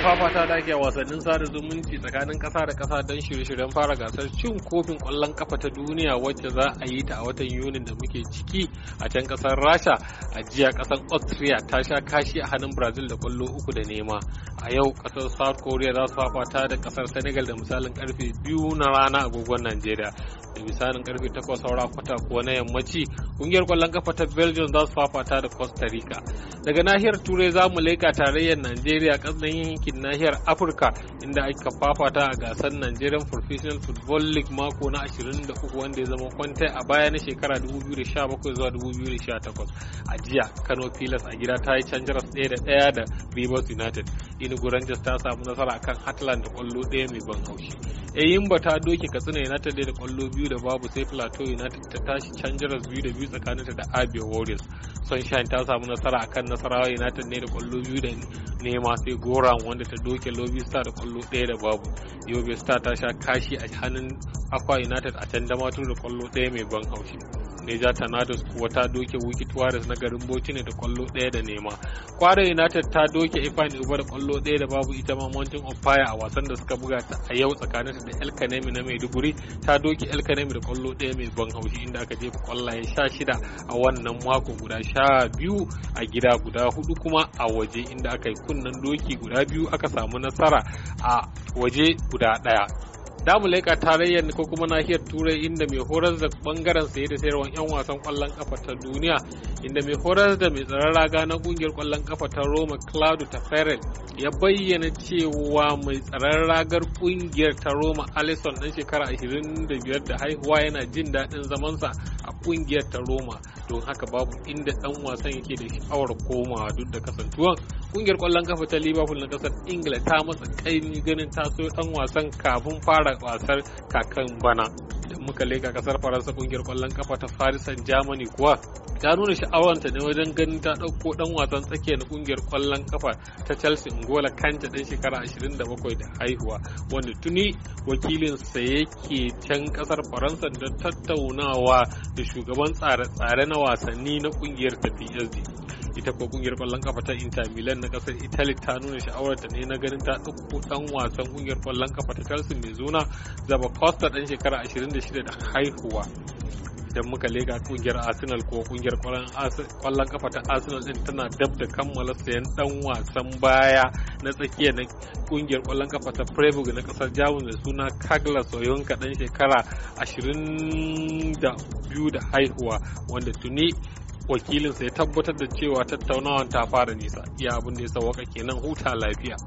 da ta da ake wasannin sada zumunci tsakanin kasa da kasa don shirye-shiryen fara gasar cin kofin kwallon kafa ta duniya wacce za a yi ta a watan yunin da muke ciki a can kasar rasha a jiya kasar austria ta sha kashi a hannun brazil da kwallo uku da nema a yau kasar south korea za su fafata da kasar senegal da misalin karfe biyu na rana agogon nigeria da misalin karfe takwas saura kwata ko na yammaci kungiyar kwallon kafa ta belgium za su fafata da costa rica daga nahiyar turai za mu leka tarayyar nigeria kasar yankin nahiyar afirka inda aka fafata a gasar nigerian professional football league mako na 23 wanda ya zama kwanta a baya na shekara 2017 zuwa 2018 a jiya kano pilas a gida ta yi canjaras ɗaya da ɗaya da rivers united inugu rangers ta samu nasara akan hatland da kwallo ɗaya mai ban haushi ba ta doke katsina united da kwallo biyu da babu sai plateau united ta tashi canjaras biyu da biyu ta da abia warriors sunshine ta samu nasara akan nasarawa united ne da kwallo biyu da nema sai goran wanda ta doke lobby star da kwallo ɗaya da babu yobe star ta sha kashi a hannun akwa united a can damatur da kwallo ɗaya mai ban haushi Neja Tornadoes kuwa ta doke Wiki Tuwares na garin Bauchi ne da kwallo ɗaya da nema. Kwara United ta doke Ifeanyi Uba da kwallo ɗaya da babu ita ma Mountain of Fire a wasan da suka buga ta a yau tsakanin da El Kanemi na Maiduguri ta doke El Kanemi da kwallo ɗaya mai ban haushi inda aka jefa kwallaye sha shida a wannan mako guda sha biyu a gida guda hudu kuma a waje inda aka yi kunnen doki guda biyu aka samu nasara a waje guda ɗaya. mu leƙa tarayyar ko kuma nahiyar turai inda mai horar da bangaren saye da sayarwar 'yan wasan kwallon kafa ta duniya inda mai horar da mai tsaron raga na kungiyar kwallon kafa ta roma claudio tafarel ya bayyana cewa mai tsaron ragar kungiyar ta roma alison dan shekara 25 da haihuwa yana jin daɗin zamansa a kungiyar ta roma don haka babu inda dan wasan yake da sha'awar komawa duk da kasantuwan kungiyar kwallon kafa ta liverpool na kasar ingila ta matsa kaini ganin ta sayo dan wasan kafin fara wasar kakan bana idan muka leka kasar faransa kungiyar kwallon kafa ta paris saint germany kuwa ta nuna sha'awanta ne wajen ganin ta dauko dan wasan tsakiya na ƙungiyar ƙwallon kafa ta Chelsea Ngola kanta dan shekara 27 da haihuwa wanda tuni wakilin wakilinsa yake can kasar Faransa don tattaunawa da shugaban tsare-tsare na wasanni na ƙungiyar ta PSG ita ko kungiyar kwallon kafa ta Inter Milan na kasar Italy ta nuna sha'awar ta ne na ganin ta dauko dan wasan kungiyar kwallon kafa ta Chelsea mai zuna Zaba Costa dan shekara 26 da haihuwa idan muka lega kungiyar arsenal ko kungiyar kwallon kafa ta arsenal din tana dab da kammala sayan dan wasan baya na tsakiya na kungiyar kwallon kafa ta freiburg na kasar jamus mai suna kagla soyonka dan shekara 22 da haihuwa wanda tuni wakilinsa ya tabbatar da cewa tattaunawan ta fara nisa iya abin da ya sauwaka kenan huta lafiya